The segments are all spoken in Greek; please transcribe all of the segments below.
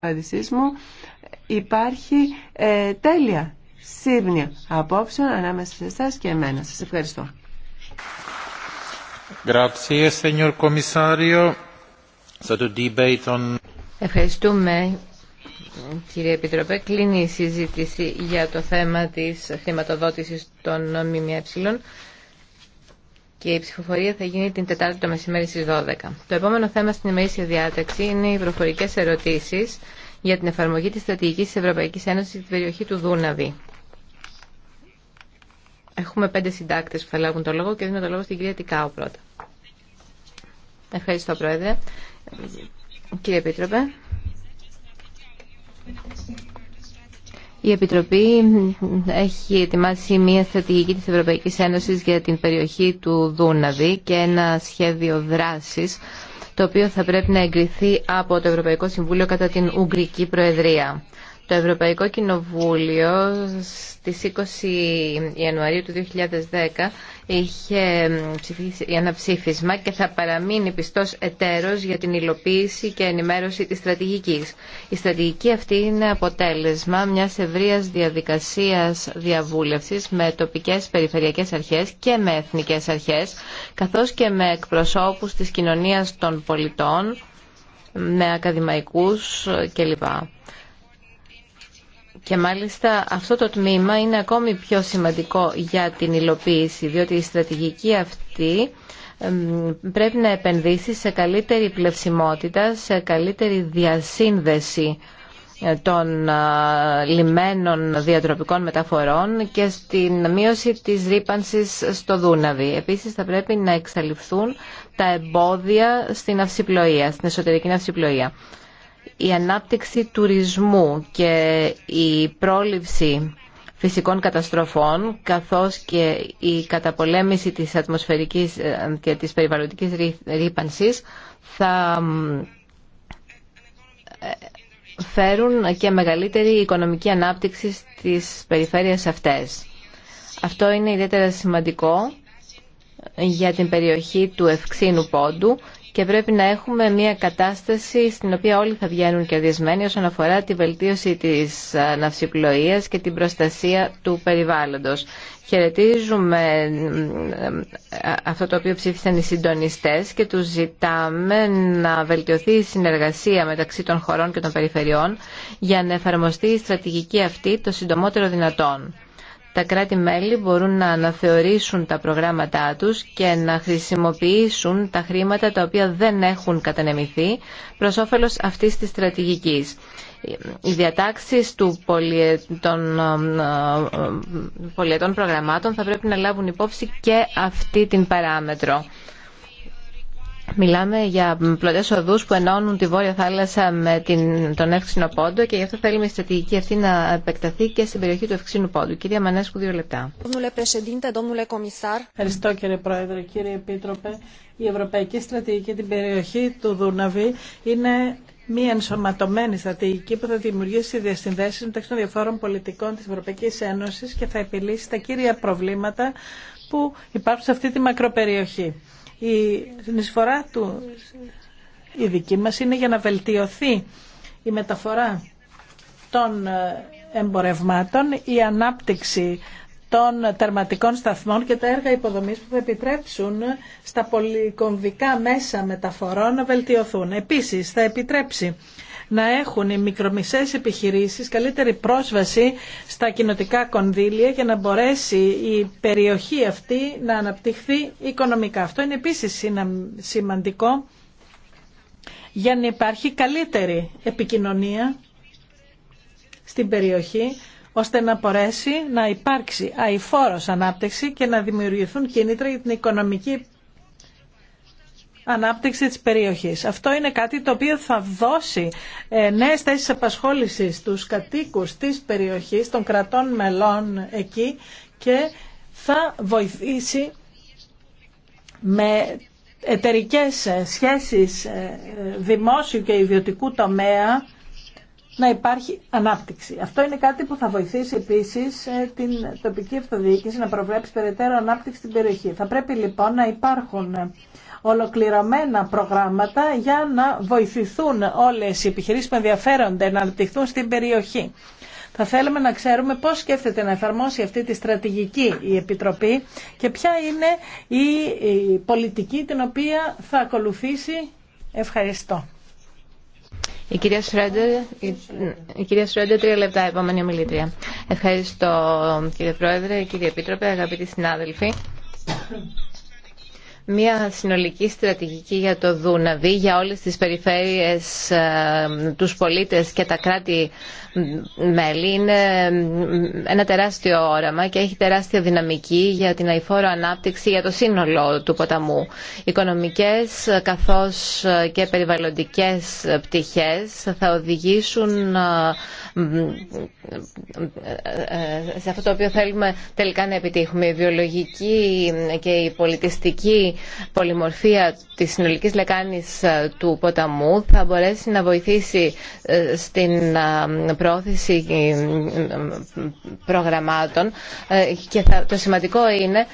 παραδεισής μου υπάρχει ε, τέλεια σύμπνοια απόψεων ανάμεσα σε εσά και εμένα. Σας ευχαριστώ. Ευχαριστούμε κύριε Επιτροπέ. Κλείνει η συζήτηση για το θέμα της χρηματοδότησης των ΜΜΕ και η ψηφοφορία θα γίνει την Τετάρτη το μεσημέρι στις 12. Το επόμενο θέμα στην ημερήσια διάταξη είναι οι προφορικέ ερωτήσεις για την εφαρμογή της στρατηγική τη Ευρωπαϊκής ένωση στην περιοχή του Δούναβη. Έχουμε πέντε συντάκτες που θα λάβουν το λόγο και δίνω το λόγο στην κυρία Τικάου πρώτα. Ευχαριστώ Πρόεδρε. Κύριε Επίτροπε. Η Επιτροπή έχει ετοιμάσει μια στρατηγική της Ευρωπαϊκής Ένωσης για την περιοχή του Δούναβη και ένα σχέδιο δράσης το οποίο θα πρέπει να εγκριθεί από το Ευρωπαϊκό Συμβούλιο κατά την Ουγγρική Προεδρία. Το Ευρωπαϊκό Κοινοβούλιο στις 20 Ιανουαρίου του 2010 είχε ψηφίσει ένα ψήφισμα και θα παραμείνει πιστός εταίρος για την υλοποίηση και ενημέρωση της στρατηγικής. Η στρατηγική αυτή είναι αποτέλεσμα μιας ευρείας διαδικασίας διαβούλευσης με τοπικές περιφερειακές αρχές και με εθνικές αρχές, καθώς και με εκπροσώπους της κοινωνίας των πολιτών, με ακαδημαϊκούς κλπ. Και μάλιστα αυτό το τμήμα είναι ακόμη πιο σημαντικό για την υλοποίηση, διότι η στρατηγική αυτή πρέπει να επενδύσει σε καλύτερη πλευσιμότητα, σε καλύτερη διασύνδεση ε, των λιμένων διατροπικών μεταφορών και στην μείωση της ρήπανσης στο Δούναβι. Επίσης θα πρέπει να εξαλειφθούν τα εμπόδια στην αυσιπλοεία, στην εσωτερική αυσιπλοεία η ανάπτυξη τουρισμού και η πρόληψη φυσικών καταστροφών καθώς και η καταπολέμηση της ατμοσφαιρικής ε, και της περιβαλλοντικής ρήπανσης θα ε, φέρουν και μεγαλύτερη οικονομική ανάπτυξη στις περιφέρειες αυτές. Αυτό είναι ιδιαίτερα σημαντικό για την περιοχή του Ευξήνου Πόντου και πρέπει να έχουμε μια κατάσταση στην οποία όλοι θα βγαίνουν κερδισμένοι όσον αφορά τη βελτίωση της ναυσιπλοείας και την προστασία του περιβάλλοντος. Χαιρετίζουμε ε, ε, αυτό το οποίο ψήφισαν οι συντονιστές και τους ζητάμε να βελτιωθεί η συνεργασία μεταξύ των χωρών και των περιφερειών για να εφαρμοστεί η στρατηγική αυτή το συντομότερο δυνατόν τα κράτη-μέλη μπορούν να αναθεωρήσουν τα προγράμματά τους και να χρησιμοποιήσουν τα χρήματα τα οποία δεν έχουν κατανεμηθεί προς όφελος αυτής της στρατηγικής. Οι διατάξεις του των ε, ε, πολιετών προγραμμάτων θα πρέπει να λάβουν υπόψη και αυτή την παράμετρο. Μιλάμε για πλωτέ οδού που ενώνουν τη Βόρεια Θάλασσα με την, τον Εύξηνο Πόντο και γι' αυτό θέλουμε η στρατηγική αυτή να επεκταθεί και στην περιοχή του Εύξηνου Πόντου. Κυρία Μανέσκου, δύο λεπτά. Ευχαριστώ κύριε Πρόεδρε, κύριε Επίτροπε. Η Ευρωπαϊκή Στρατηγική την περιοχή του Δούναβη είναι μια ενσωματωμένη στρατηγική που θα δημιουργήσει διασυνδέσει μεταξύ των διαφόρων πολιτικών τη Ευρωπαϊκή Ένωση και θα επιλύσει τα κύρια προβλήματα που υπάρχουν σε αυτή τη μακροπεριοχή. Η συνεισφορά του η δική μας είναι για να βελτιωθεί η μεταφορά των ε, εμπορευμάτων, η ανάπτυξη των τερματικών σταθμών και τα έργα υποδομής που θα επιτρέψουν στα πολυκομβικά μέσα μεταφορών να βελτιωθούν. Επίσης, θα επιτρέψει να έχουν οι μικρομισές επιχειρήσεις καλύτερη πρόσβαση στα κοινοτικά κονδύλια για να μπορέσει η περιοχή αυτή να αναπτυχθεί οικονομικά. Αυτό είναι επίσης σημαντικό για να υπάρχει καλύτερη επικοινωνία στην περιοχή ώστε να μπορέσει να υπάρξει αηφόρος ανάπτυξη και να δημιουργηθούν κίνητρα για την οικονομική ανάπτυξη της περιοχής. Αυτό είναι κάτι το οποίο θα δώσει ε, νέες θέσεις απασχόλησης στους κατοίκους της περιοχής, των κρατών μελών εκεί και θα βοηθήσει με εταιρικές ε, σχέσεις ε, δημόσιου και ιδιωτικού τομέα να υπάρχει ανάπτυξη. Αυτό είναι κάτι που θα βοηθήσει επίσης την τοπική αυτοδιοίκηση να προβλέψει περαιτέρω ανάπτυξη στην περιοχή. Θα πρέπει λοιπόν να υπάρχουν ολοκληρωμένα προγράμματα για να βοηθηθούν όλες οι επιχειρήσεις που ενδιαφέρονται να αναπτυχθούν στην περιοχή. Θα θέλαμε να ξέρουμε πώς σκέφτεται να εφαρμόσει αυτή τη στρατηγική η Επιτροπή και ποια είναι η πολιτική την οποία θα ακολουθήσει. Ευχαριστώ. Η κυρία Σρέντερ, η, η κυρία Σρέντερ, τρία λεπτά, επόμενη ομιλήτρια. Ευχαριστώ κύριε Πρόεδρε, κύριε Επίτροπε, αγαπητοί συνάδελφοι μια συνολική στρατηγική για το Δούναβι, για όλες τις περιφέρειες, ε, τους πολίτες και τα κράτη-μέλη είναι ένα τεράστιο όραμα και έχει τεράστια δυναμική για την αηφόρο ανάπτυξη για το σύνολο του ποταμού. Οικονομικές καθώς και περιβαλλοντικές πτυχές θα οδηγήσουν ε, σε αυτό το οποίο θέλουμε τελικά να επιτύχουμε. Η βιολογική και η πολιτιστική πολυμορφία της συνολικής λεκάνης ε, του ποταμού θα μπορέσει να βοηθήσει ε, στην ε, πρόθεση προγραμμάτων και το σημαντικό είναι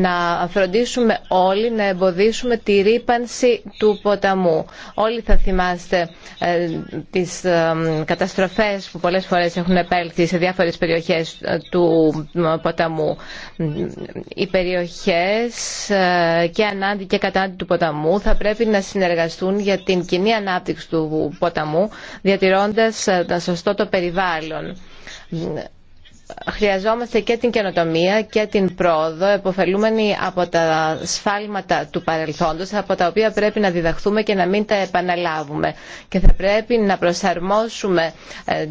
να φροντίσουμε όλοι να εμποδίσουμε τη ρήπανση του ποταμού. Όλοι θα θυμάστε τις καταστροφές που πολλές φορές έχουν επέλθει σε διάφορες περιοχές του ποταμού. Οι περιοχές ε, και ανάντι και κατάντι του ποταμού θα πρέπει να συνεργαστούν για την κοινή ανάπτυξη του ποταμού διατηρώντας ε, σωστό το περιβάλλον χρειαζόμαστε και την καινοτομία και την πρόοδο επωφελούμενη από τα σφάλματα του παρελθόντος από τα οποία πρέπει να διδαχθούμε και να μην τα επαναλάβουμε και θα πρέπει να προσαρμόσουμε ε,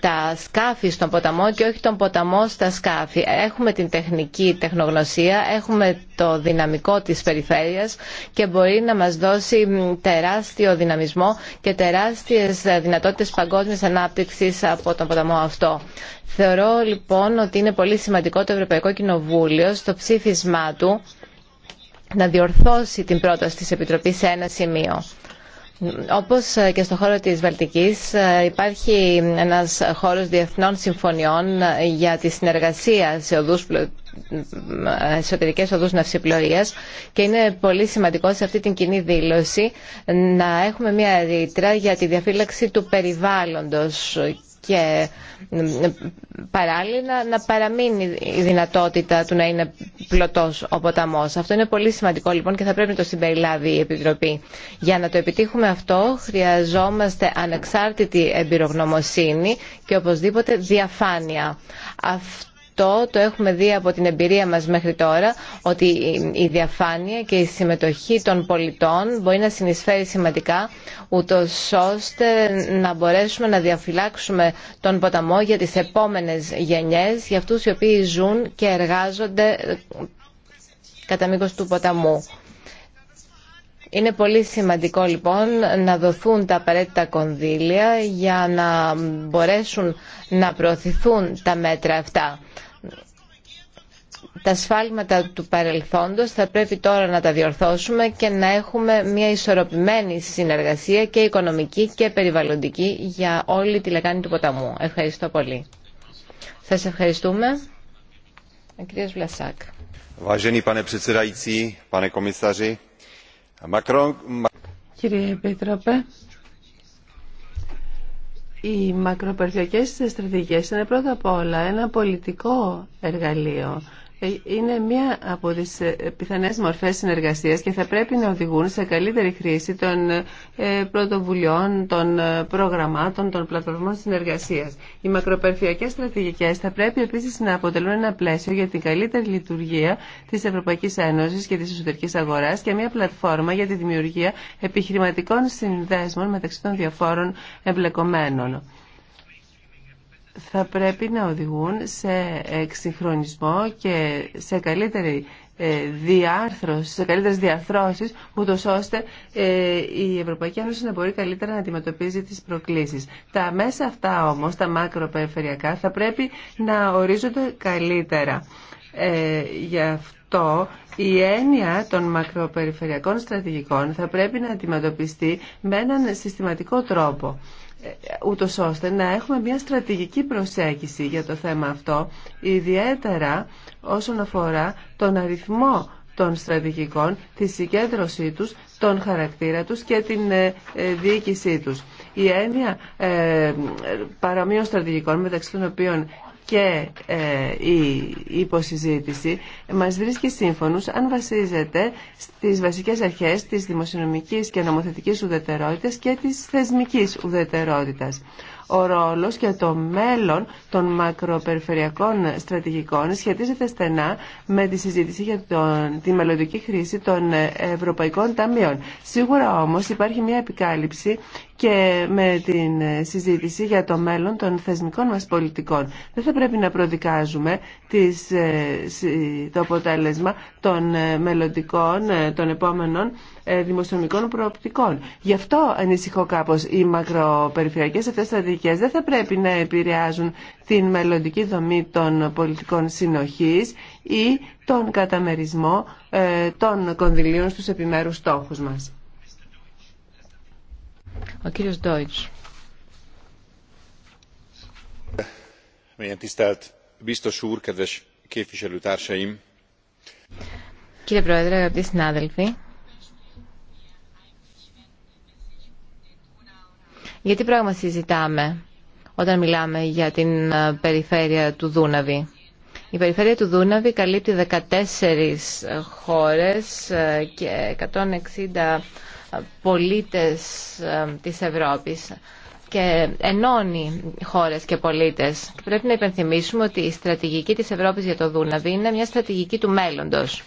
τα σκάφη στον ποταμό και όχι τον ποταμό στα σκάφη. Έχουμε την τεχνική τεχνογνωσία, έχουμε το δυναμικό της περιφέρειας και μπορεί να μας δώσει τεράστιο δυναμισμό και τεράστιες δυνατότητες παγκόσμιας ανάπτυξης από τον ποταμό αυτό. Θεωρώ λοιπόν ότι είναι πολύ σημαντικό το Ευρωπαϊκό Κοινοβούλιο στο ψήφισμά του να διορθώσει την πρόταση της Επιτροπής σε ένα σημείο όπως ε, και στο χώρο της Βαλτικής ε, υπάρχει ένας χώρος διεθνών συμφωνιών ε, για τη συνεργασία σε οδούς εσωτερικές οδούς ναυσιπλοείας και είναι πολύ σημαντικό σε αυτή την κοινή δήλωση να έχουμε μια ρήτρα για τη διαφύλαξη του περιβάλλοντος και παράλληλα να παραμείνει η δυνατότητα του να είναι πλωτός ο ποταμός. Αυτό είναι πολύ σημαντικό λοιπόν και θα πρέπει να το συμπεριλάβει η Επιτροπή. Για να το επιτύχουμε αυτό χρειαζόμαστε ανεξάρτητη εμπειρογνωμοσύνη και οπωσδήποτε διαφάνεια το έχουμε δει από την εμπειρία μας μέχρι τώρα ότι η διαφάνεια και η συμμετοχή των πολιτών μπορεί να συνεισφέρει σημαντικά ούτω ώστε να μπορέσουμε να διαφυλάξουμε τον ποταμό για τις επόμενες γενιές, για αυτούς οι οποίοι ζουν και εργάζονται κατά μήκος του ποταμού. Είναι πολύ σημαντικό λοιπόν να δοθούν τα απαραίτητα κονδύλια για να μπορέσουν να προωθηθούν τα μέτρα αυτά. Τα σφάλματα του παρελθόντος θα πρέπει τώρα να τα διορθώσουμε και να έχουμε μια ισορροπημένη συνεργασία και οικονομική και περιβαλλοντική για όλη τη λεκάνη του ποταμού. Ευχαριστώ πολύ. Σας ευχαριστούμε. Βλασάκ. Κύριε Επίτροπε, οι μακροπεριφερειακές στρατηγικές είναι πρώτα απ' όλα ένα πολιτικό εργαλείο είναι μία από τις ε, πιθανές μορφές συνεργασίας και θα πρέπει να οδηγούν σε καλύτερη χρήση των ε, πρωτοβουλειών, των ε, προγραμμάτων, των πλατφορμών συνεργασίας. Οι μακροπερφιακές στρατηγικές θα πρέπει επίσης να αποτελούν ένα πλαίσιο για την καλύτερη λειτουργία της Ευρωπαϊκής Ένωσης και της εσωτερικής αγοράς και μία πλατφόρμα για τη δημιουργία επιχειρηματικών συνδέσμων μεταξύ των διαφόρων εμπλεκομένων θα πρέπει να οδηγούν σε εξυγχρονισμό και σε καλύτερη ε, διάρθρωση, σε καλύτερες διαρθρώσεις, ούτως ώστε ε, η Ευρωπαϊκή Ένωση να μπορεί καλύτερα να αντιμετωπίζει τις προκλήσεις. Τα μέσα αυτά όμως, τα μακροπεριφερειακά, θα πρέπει να ορίζονται καλύτερα. Ε, γι' αυτό η έννοια των μακροπεριφερειακών στρατηγικών θα πρέπει να αντιμετωπιστεί με έναν συστηματικό τρόπο ούτως ώστε να έχουμε μια στρατηγική προσέγγιση για το θέμα αυτό, ιδιαίτερα όσον αφορά τον αριθμό των στρατηγικών, τη συγκέντρωσή τους, τον χαρακτήρα τους και την ε, ε, διοίκησή τους. Η έννοια ε, παρομοίων στρατηγικών, μεταξύ των οποίων και ε, η υποσυζήτηση μας βρίσκει σύμφωνους αν βασίζεται στις βασικές αρχές της δημοσιονομικής και νομοθετικής ουδετερότητας και της θεσμικής ουδετερότητας. Ο ρόλος και το μέλλον των μακροπεριφερειακών στρατηγικών σχετίζεται στενά με τη συζήτηση για τον, τη μελλοντική χρήση των ευρωπαϊκών ταμείων. Σίγουρα όμως υπάρχει μια επικάλυψη και με την συζήτηση για το μέλλον των θεσμικών μας πολιτικών. Δεν θα πρέπει να προδικάζουμε ε, το αποτέλεσμα των ε, μελλοντικών, ε, των επόμενων ε, δημοσιονομικών προοπτικών. Γι' αυτό ανησυχώ κάπως οι μακροπεριφερειακές αυτές στρατηγικές δεν θα πρέπει να επηρεάζουν την μελλοντική δομή των πολιτικών συνοχής ή τον καταμερισμό των κονδυλίων στους επιμέρους στόχους μας. Ο κύριος Ντόιτς. Κύριε Πρόεδρε, αγαπητοί συνάδελφοι, γιατί πράγμα συζητάμε όταν μιλάμε για την ε, περιφέρεια του Δούναβη. Η περιφέρεια του Δούναβη καλύπτει 14 ε, χώρες ε, και 160 πολίτες της Ευρώπης και ενώνει χώρες και πολίτες. πρέπει να υπενθυμίσουμε ότι η στρατηγική της Ευρώπης για το Δούναβι είναι μια στρατηγική του μέλλοντος.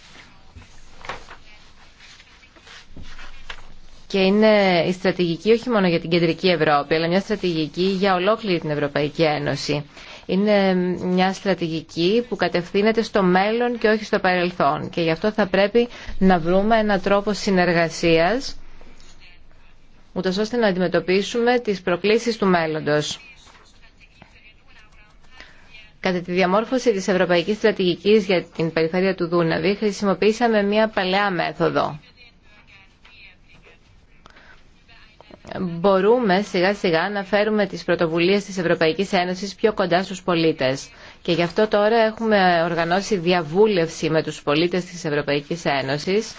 Και είναι η στρατηγική όχι μόνο για την κεντρική Ευρώπη, αλλά μια στρατηγική για ολόκληρη την Ευρωπαϊκή Ένωση. Είναι μια στρατηγική που κατευθύνεται στο μέλλον και όχι στο παρελθόν. Και γι' αυτό θα πρέπει να βρούμε έναν τρόπο συνεργασίας ούτως ώστε να αντιμετωπίσουμε τις προκλήσεις του μέλλοντος. Κατά τη διαμόρφωση της Ευρωπαϊκής Στρατηγικής για την Περιφέρεια του Δούναβη χρησιμοποίησαμε μια παλαιά μέθοδο. Μπορούμε σιγά σιγά να φέρουμε τις πρωτοβουλίες της Ευρωπαϊκής Ένωσης πιο κοντά στους πολίτες. Και γι' αυτό τώρα έχουμε οργανώσει διαβούλευση με τους πολίτες της Ευρωπαϊκής Ένωσης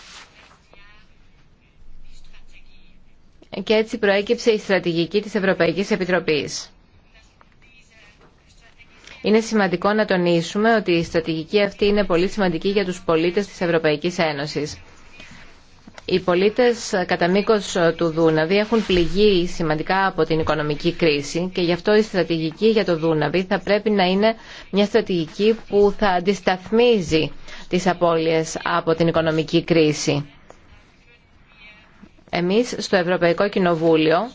και έτσι προέκυψε η στρατηγική της Ευρωπαϊκής Επιτροπής. Είναι σημαντικό να τονίσουμε ότι η στρατηγική αυτή είναι πολύ σημαντική για τους πολίτες της Ευρωπαϊκής Ένωσης. Οι πολίτες κατά μήκο του Δούναβη έχουν πληγεί σημαντικά από την οικονομική κρίση και γι' αυτό η στρατηγική για το Δούναβη θα πρέπει να είναι μια στρατηγική που θα αντισταθμίζει τις απώλειες από την οικονομική κρίση. Εμείς στο Ευρωπαϊκό Κοινοβούλιο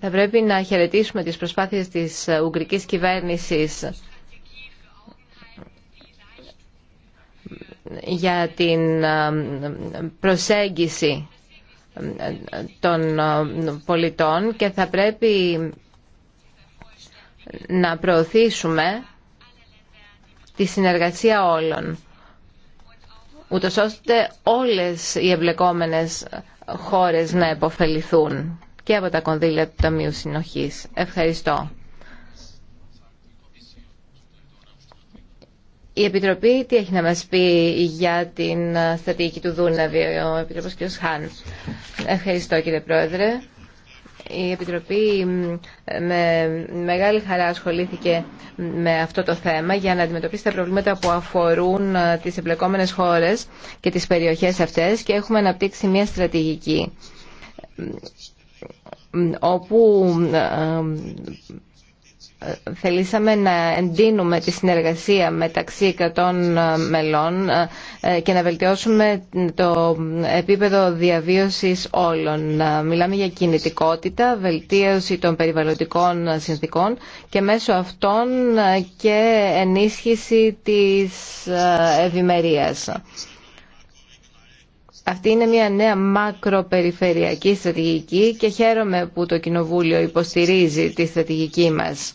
θα πρέπει να χαιρετήσουμε τις προσπάθειες της Ουγγρικής κυβέρνησης για την ε, προσέγγιση ε, των ε, πολιτών και θα πρέπει να προωθήσουμε τη συνεργασία όλων ούτως ώστε όλες οι εμπλεκόμενες χώρες να επωφεληθούν και από τα κονδύλια του Ταμείου Συνοχής. Ευχαριστώ. Η Επιτροπή τι έχει να μας πει για την στρατηγική του Δούναβη, ο Επιτροπός κ. Χάν. Ευχαριστώ κύριε Πρόεδρε. Η Επιτροπή με μεγάλη χαρά ασχολήθηκε με αυτό το θέμα για να αντιμετωπίσει τα προβλήματα που αφορούν ε, τις εμπλεκόμενες χώρες και τις περιοχές αυτές και έχουμε αναπτύξει μια στρατηγική όπου ε, θελήσαμε να εντείνουμε τη συνεργασία μεταξύ κρατών ε, μελών ε, και να βελτιώσουμε το επίπεδο διαβίωσης όλων. Ε, μιλάμε για κινητικότητα, βελτίωση των περιβαλλοντικών συνθήκων και μέσω αυτών και ενίσχυση της ευημερία. Αυτή είναι μια νέα μακροπεριφερειακή στρατηγική και χαίρομαι που το Κοινοβούλιο υποστηρίζει τη στρατηγική μας.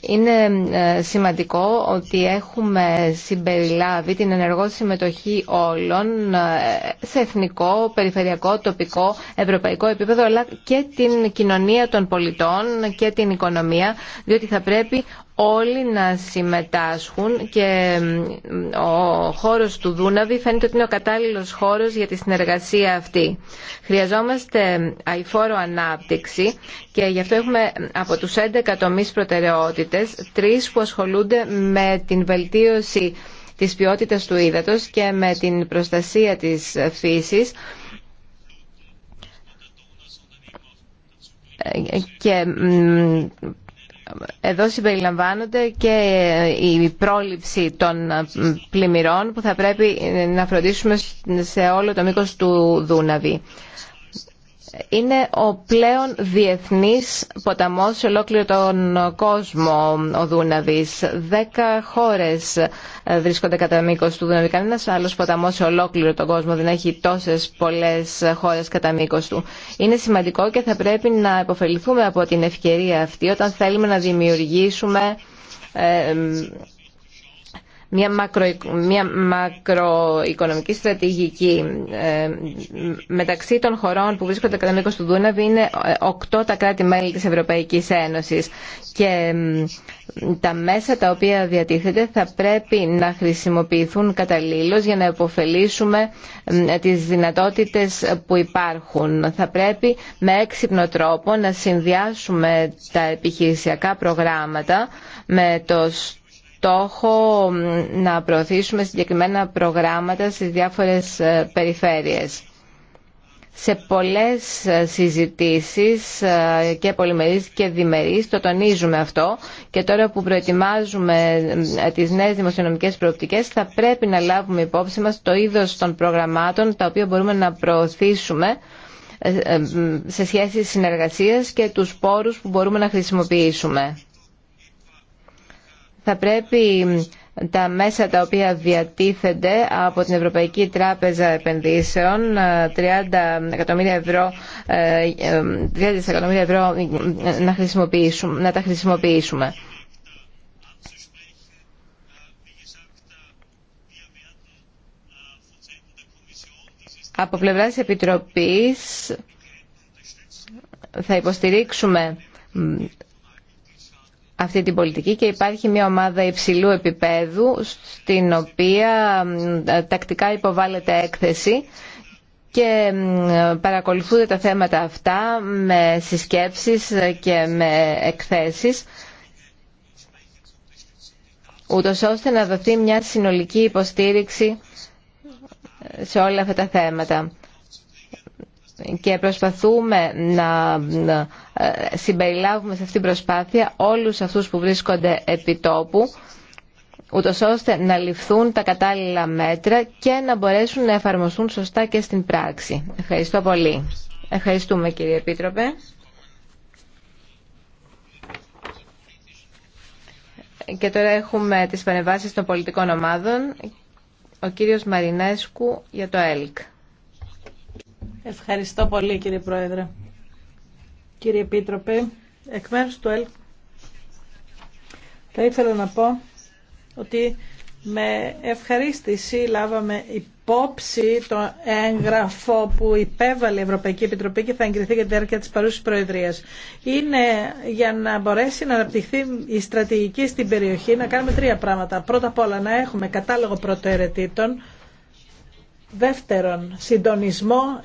Είναι ε, σημαντικό ότι έχουμε συμπεριλάβει την ενεργό συμμετοχή όλων ε, σε εθνικό, περιφερειακό, τοπικό, ευρωπαϊκό επίπεδο αλλά και την κοινωνία των πολιτών και την οικονομία διότι θα πρέπει όλοι να συμμετάσχουν και ο χώρος του Δούναβη φαίνεται ότι είναι ο κατάλληλος χώρος για τη συνεργασία αυτή. Χρειαζόμαστε αηφόρο ανάπτυξη και γι' αυτό έχουμε από τους 11 τομείς προτεραιότητες τρεις που ασχολούνται με την βελτίωση της ποιότητας του ύδατος και με την προστασία της φύσης ε, και εδώ συμπεριλαμβάνονται και η πρόληψη των πλημμυρών που θα πρέπει να φροντίσουμε σε όλο το μήκος του Δούναβη είναι ο πλέον διεθνής ποταμός σε ολόκληρο τον κόσμο ο Δούναβης. Δέκα χώρες ε, βρίσκονται κατά μήκο του Δούναβη. Κανένα άλλο ποταμό σε ολόκληρο τον κόσμο δεν έχει τόσες πολλές χώρες κατά μήκο του. Είναι σημαντικό και θα πρέπει να υποφεληθούμε από την ευκαιρία αυτή όταν θέλουμε να δημιουργήσουμε ε, μια, μακρο, μακροοικονομική στρατηγική ε, μεταξύ των χωρών που βρίσκονται κατά μήκος του Δούναβη είναι ε, οκτώ τα κράτη-μέλη της Ευρωπαϊκής Ένωσης και τα μέσα τα οποία διατίθεται θα πρέπει να χρησιμοποιηθούν καταλήλως για να επωφελήσουμε τις δυνατότητες που υπάρχουν. Θα πρέπει με έξυπνο τρόπο να συνδυάσουμε τα επιχειρησιακά προγράμματα με το στόχο να προωθήσουμε συγκεκριμένα προγράμματα στις διάφορες ε, περιφέρειες. Σε πολλές ε, συζητήσεις ε, και πολυμερείς και διμερείς το τονίζουμε αυτό και τώρα που προετοιμάζουμε τις νέες δημοσιονομικές προοπτικές θα πρέπει να λάβουμε υπόψη μας το είδος των προγραμμάτων τα οποία μπορούμε να προωθήσουμε σε σχέση συνεργασίας και τους πόρους που μπορούμε να χρησιμοποιήσουμε θα πρέπει τα μέσα τα οποία διατίθενται από την Ευρωπαϊκή Τράπεζα Επενδύσεων 30 ε, εκατομμύρια ευρώ, ε, ε, ευρώ να, να τα χρησιμοποιήσουμε. Από πλευρά της Επιτροπής θα υποστηρίξουμε αυτή την πολιτική και υπάρχει μια ομάδα υψηλού επίπεδου στην οποία ε, τακτικά υποβάλλεται έκθεση και παρακολουθούνται τα θέματα αυτά με συσκέψεις και με εκθέσεις ούτως ώστε να δοθεί μια συνολική υποστήριξη σε όλα αυτά τα θέματα και προσπαθούμε να ε, συμπεριλάβουμε σε αυτήν την προσπάθεια όλους αυτούς που βρίσκονται επί τόπου ούτως ώστε να ληφθούν τα κατάλληλα μέτρα και να μπορέσουν να εφαρμοστούν σωστά και στην πράξη. Ευχαριστώ πολύ. Ευχαριστούμε κύριε Επίτροπε. Και τώρα έχουμε τις παρεμβάσεις των πολιτικών ομάδων. Ο κύριος Μαρινέσκου για το ΕΛΚ. Ευχαριστώ πολύ κύριε Πρόεδρε. Κύριε Επίτροπε, εκ μέρους του ΕΛ θα ήθελα να πω ότι με ευχαρίστηση λάβαμε υπόψη το έγγραφο που υπέβαλε η Ευρωπαϊκή Επιτροπή και θα εγκριθεί για τη διάρκεια της παρούσης Προεδρίας. Είναι για να μπορέσει να αναπτυχθεί η στρατηγική στην περιοχή να κάνουμε τρία πράγματα. Πρώτα απ' όλα να έχουμε κατάλογο πρωτοαιρετήτων. δεύτερον συντονισμό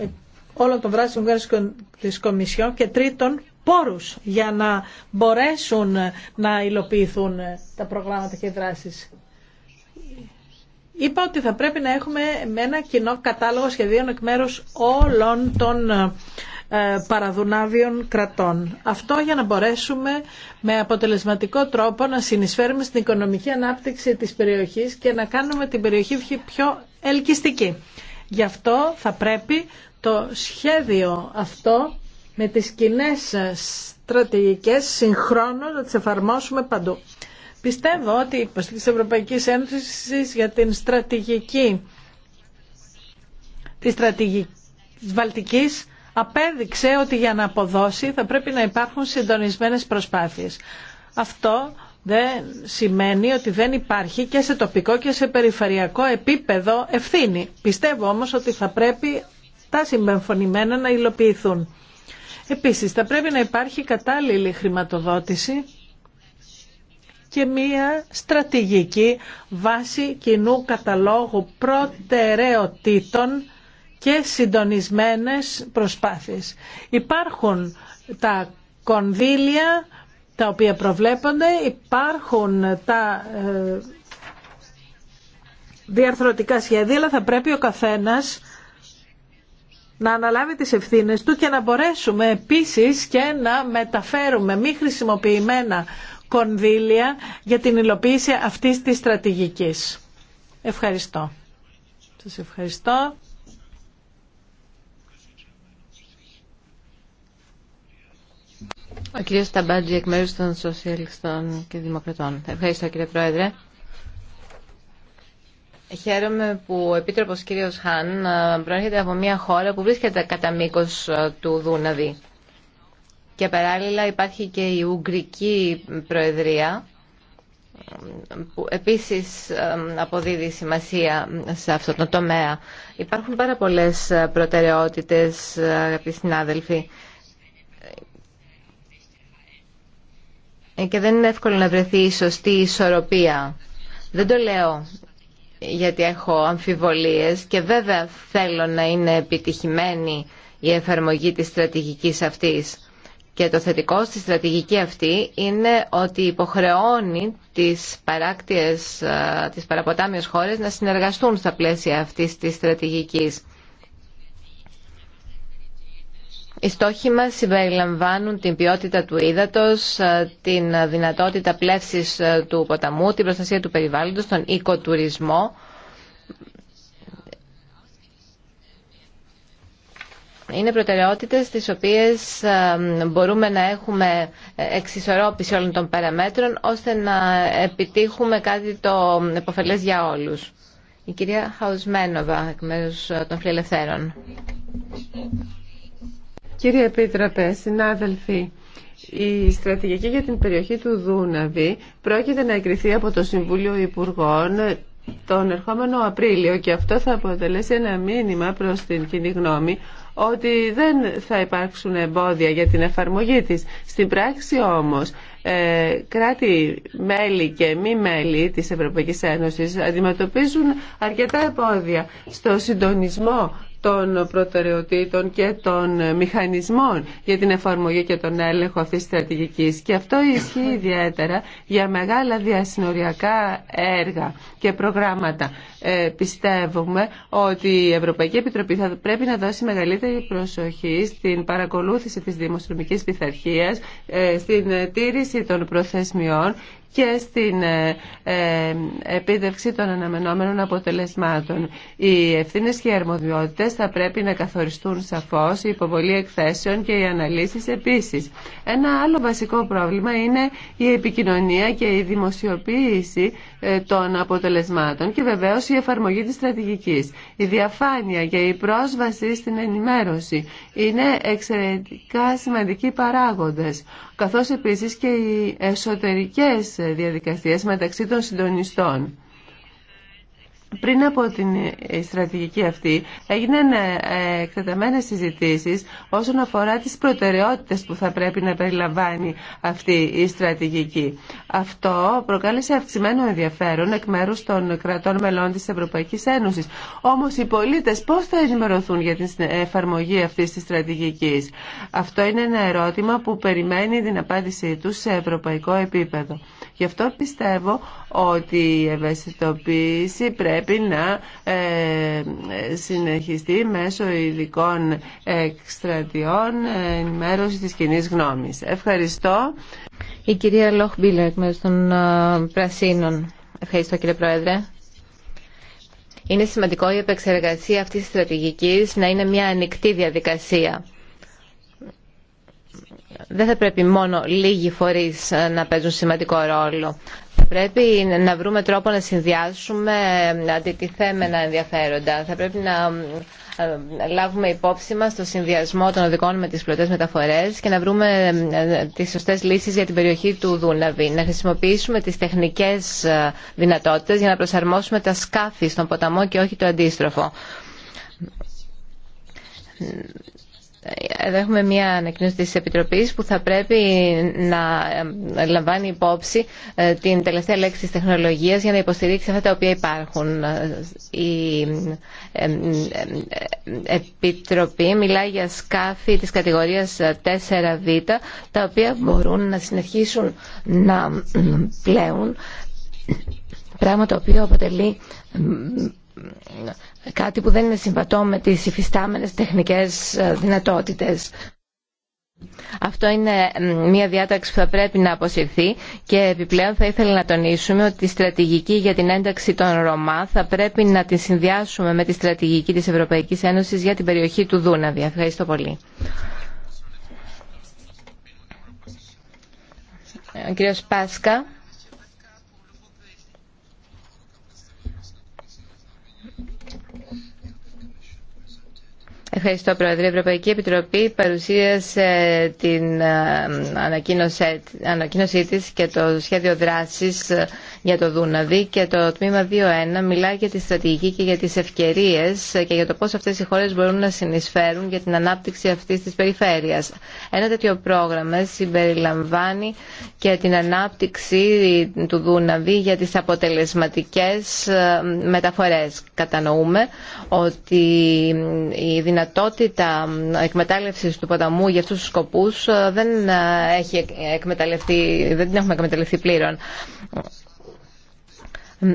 όλων των δράσεων της Κομισιόν και τρίτον πόρους για να μπορέσουν να υλοποιηθούν τα προγράμματα και οι δράσεις. Είπα ότι θα πρέπει να έχουμε με ένα κοινό κατάλογο σχεδίων εκ μέρους όλων των ε, παραδουνάβιων κρατών. Αυτό για να μπορέσουμε με αποτελεσματικό τρόπο να συνεισφέρουμε στην οικονομική ανάπτυξη της περιοχής και να κάνουμε την περιοχή πιο ελκυστική. Γι' αυτό θα πρέπει το σχέδιο αυτό με τις κοινέ στρατηγικές συγχρόνως να τις εφαρμόσουμε παντού. Πιστεύω ότι η υποστήριξη της Ευρωπαϊκής Ένωσης για την στρατηγική της στρατηγικής Βαλτικής απέδειξε ότι για να αποδώσει θα πρέπει να υπάρχουν συντονισμένες προσπάθειες. Αυτό δεν σημαίνει ότι δεν υπάρχει και σε τοπικό και σε περιφερειακό επίπεδο ευθύνη. Πιστεύω όμως ότι θα πρέπει τα συμπεμφωνημένα να υλοποιηθούν. Επίσης, θα πρέπει να υπάρχει κατάλληλη χρηματοδότηση και μία στρατηγική βάση κοινού καταλόγου προτεραιοτήτων και συντονισμένες προσπάθειες. Υπάρχουν τα κονδύλια τα οποία προβλέπονται, υπάρχουν τα ε, διαρθρωτικά σχέδια, αλλά θα πρέπει ο καθένας να αναλάβει τις ευθύνες του και να μπορέσουμε επίσης και να μεταφέρουμε μη χρησιμοποιημένα κονδύλια για την υλοποίηση αυτής της στρατηγικής. Ευχαριστώ. Σας ευχαριστώ. Ο κύριος Ταμπάντζη εκ μέρους των Σοσιαλιστών και Δημοκρατών. Ευχαριστώ κύριε Πρόεδρε. Χαίρομαι που ο Επίτροπος κ. Χάν ε, προέρχεται από μια χώρα που βρίσκεται κατά μήκο ε, του Δούναδη. Και παράλληλα υπάρχει και η Ουγγρική Προεδρία που επίσης ε, αποδίδει σημασία σε αυτό το τομέα. Υπάρχουν πάρα πολλές προτεραιότητες, αγαπητοί συνάδελφοι. Και δεν είναι εύκολο να βρεθεί η σωστή ισορροπία. Δεν το λέω γιατί έχω αμφιβολίες και βέβαια θέλω να είναι επιτυχημένη η εφαρμογή της στρατηγικής αυτής. Και το θετικό στη στρατηγική αυτή είναι ότι υποχρεώνει τις παράκτιες, ε, τις παραποτάμιες χώρες να συνεργαστούν στα πλαίσια αυτής της στρατηγικής. Οι στόχοι μας συμπεριλαμβάνουν την ποιότητα του ύδατος, ε, την δυνατότητα πλεύσης ε, του ποταμού, την προστασία του περιβάλλοντος, τον οικοτουρισμό, είναι προτεραιότητες τις οποίες ε, μπορούμε να έχουμε εξισορρόπηση όλων των παραμέτρων ώστε να επιτύχουμε κάτι το επωφελές για όλους. Η κυρία Χαουσμένοβα, εκ μέρους των φιλελευθέρων. Κύριε Επίτροπε, συνάδελφοι, η στρατηγική για την περιοχή του Δούναβη πρόκειται να εγκριθεί από το Συμβούλιο Υπουργών τον ερχόμενο Απρίλιο και αυτό θα αποτελέσει ένα μήνυμα προς την κοινή γνώμη ότι δεν θα υπάρξουν εμπόδια για την εφαρμογή της. Στην πράξη όμως, ε, κράτη μέλη και μη μέλη της Ευρωπαϊκής Ένωσης αντιμετωπίζουν αρκετά εμπόδια στο συντονισμό των προτεραιοτήτων και των μηχανισμών για την εφαρμογή και τον έλεγχο αυτής της στρατηγικής. Και αυτό ισχύει ιδιαίτερα για μεγάλα διασυνοριακά έργα και προγράμματα. Ε, πιστεύουμε ότι η Ευρωπαϊκή Επιτροπή θα πρέπει να δώσει μεγαλύτερη προσοχή στην παρακολούθηση της δημοσιονομικής πειθαρχίας, ε, στην τήρηση των προθεσμιών και στην ε, ε, επίδευξη των αναμενόμενων αποτελεσμάτων. Οι ευθύνε και οι αρμοδιότητε θα πρέπει να καθοριστούν σαφώ, η υποβολή εκθέσεων και οι αναλύσει επίση. Ένα άλλο βασικό πρόβλημα είναι η επικοινωνία και η δημοσιοποίηση ε, των αποτελεσμάτων και βεβαίω η εφαρμογή τη στρατηγική. Η διαφάνεια και η πρόσβαση στην ενημέρωση είναι εξαιρετικά σημαντικοί παράγοντε, καθώ επίση και οι εσωτερικέ διαδικασίες μεταξύ των συντονιστών. Πριν από την ε, στρατηγική αυτή έγιναν ε, εκτεταμένες συζητήσεις όσον αφορά τις προτεραιότητες που θα πρέπει να περιλαμβάνει αυτή η στρατηγική. Αυτό προκάλεσε αυξημένο ενδιαφέρον εκ μέρους των κρατών μελών της Ευρωπαϊκής Ένωσης. Όμως οι πολίτες πώς θα ενημερωθούν για την εφαρμογή αυτής της στρατηγικής. Αυτό είναι ένα ερώτημα που περιμένει την απάντησή τους σε ευρωπαϊκό επίπεδο. Γι' αυτό πιστεύω ότι η ευαισθητοποίηση πρέπει να ε, συνεχιστεί μέσω ειδικών εκστρατιών μέρος της κοινή γνώμης. Ευχαριστώ. Η κυρία Λόχ Μπίλερ, μέρος των ε, Πρασίνων. Ευχαριστώ κύριε Πρόεδρε. Είναι σημαντικό η επεξεργασία αυτής της στρατηγικής να είναι μια ανοιχτή διαδικασία δεν θα πρέπει μόνο λίγοι φορείς ε, να παίζουν σημαντικό ρόλο. Θα πρέπει να βρούμε τρόπο να συνδυάσουμε ε, αντιτιθέμενα ενδιαφέροντα. Θα πρέπει να ε, λάβουμε υπόψη μας το συνδυασμό των οδικών με τις πλωτές μεταφορές και να βρούμε τις σωστές λύσεις για την περιοχή του Δούναβη. Να χρησιμοποιήσουμε τις τεχνικές δυνατότητες για να προσαρμόσουμε τα σκάφη στον ποταμό και όχι το αντίστροφο εδώ έχουμε μια ανακοίνωση της Επιτροπής που θα πρέπει να ε, λαμβάνει υπόψη ε, την τελευταία λέξη της τεχνολογίας για να υποστηρίξει αυτά τα οποία υπάρχουν. Η ε, Επιτροπή μιλάει για σκάφη της κατηγορίας 4β τα οποία μπορούν να συνεχίσουν να πλέουν πράγμα το οποίο αποτελεί κάτι που δεν είναι συμβατό με τις υφιστάμενες τεχνικές ε, δυνατότητες. Αυτό είναι μια διάταξη που θα πρέπει να αποσυρθεί και επιπλέον θα ήθελα να τονίσουμε ότι η στρατηγική για την ένταξη των Ρωμά θα πρέπει να τη συνδυάσουμε με τη στρατηγική της Ευρωπαϊκής Ένωσης για την περιοχή του Δούναβη. Ευχαριστώ πολύ. Ε, κύριος Πάσκα. Ευχαριστώ, Πρόεδρε. Η Ευρωπαϊκή Επιτροπή παρουσίασε την ε, ανακοίνωσή της και το σχέδιο δράσης για το Δούναβι και το τμήμα 2.1 μιλάει για τη στρατηγική και για τις ευκαιρίες και για το πώς αυτές οι χώρες μπορούν να συνεισφέρουν για την ανάπτυξη αυτής της περιφέρειας. Ένα τέτοιο πρόγραμμα συμπεριλαμβάνει και την ανάπτυξη του Δούναβι για τις αποτελεσματικές ε, μεταφορές. Κατανοούμε ότι η δυνατότητα δυνατότητα εκμετάλλευσης του ποταμού για αυτούς τους σκοπούς ε, δεν, ε, έχει εκμεταλλευτεί, δεν την έχουμε εκμεταλλευτεί πλήρων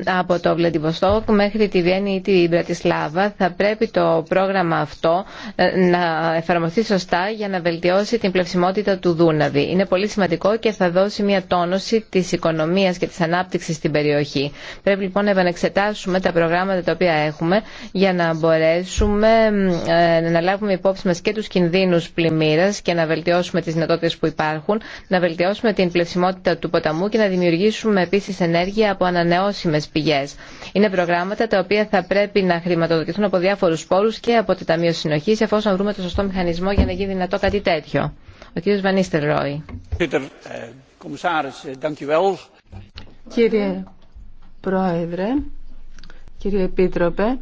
από το Βλαντιβοστόκ μέχρι τη Βιέννη ή την Πρατισλάβα. Θα πρέπει το πρόγραμμα αυτό ε, να εφαρμοστεί σωστά για να βελτιώσει την πλευσιμότητα του Δούναβη. Είναι πολύ σημαντικό και θα δώσει μια τόνωση τη οικονομία και τη ανάπτυξη στην περιοχή. Πρέπει λοιπόν να επανεξετάσουμε τα προγράμματα τα οποία έχουμε για να μπορέσουμε ε, να λάβουμε υπόψη μα και του κινδύνου πλημμύρα και να βελτιώσουμε τι δυνατότητε που υπάρχουν, να βελτιώσουμε την πλευσιμότητα του ποταμού και να δημιουργήσουμε επίση ενέργεια από ανανεώσιμε πηγές. Είναι προγράμματα τα οποία θα πρέπει να χρηματοδοτηθούν από διάφορους πόρου και από το Ταμείο Συνοχής εφόσον βρούμε το σωστό μηχανισμό για να γίνει δυνατό κάτι τέτοιο. Ο κύριος Βανίστερ Ρόι. Κύριε ε, ε, Πρόεδρε, κύριε Επίτροπε,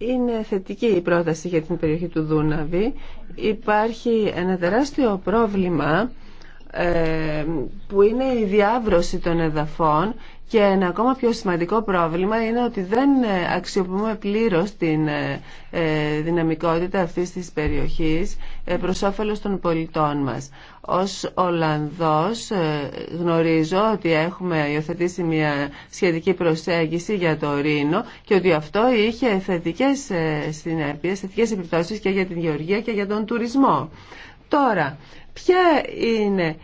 Είναι θετική η πρόταση για την περιοχή του Δούναβη. Υπάρχει ένα τεράστιο πρόβλημα ε, που είναι η διάβρωση των εδαφών και ένα ακόμα πιο σημαντικό πρόβλημα είναι ότι δεν ε, αξιοποιούμε πλήρως την ε, δυναμικότητα αυτής της περιοχής προς όφελος των πολιτών μας. Ως Ολλανδός γνωρίζω ότι έχουμε υιοθετήσει μια σχετική προσέγγιση για το Ρήνο και ότι αυτό είχε θετικές συνέπειες, θετικές επιπτώσεις και για την γεωργία και για τον τουρισμό. Τώρα, Ποια είναι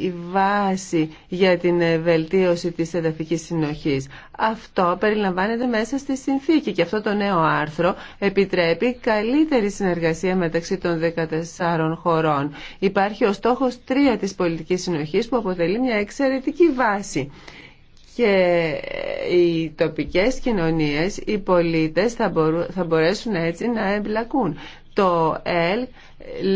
η βάση για την ε, βελτίωση της εδαφικής συνοχής. Αυτό περιλαμβάνεται μέσα στη συνθήκη και αυτό το νέο άρθρο επιτρέπει καλύτερη συνεργασία μεταξύ των 14 χωρών. Υπάρχει ο στόχος 3 της πολιτικής συνοχής που αποτελεί μια εξαιρετική βάση και ε, οι τοπικές κοινωνίες, οι πολίτες θα, μπορέσουν έτσι να εμπλακούν. Το ΕΛ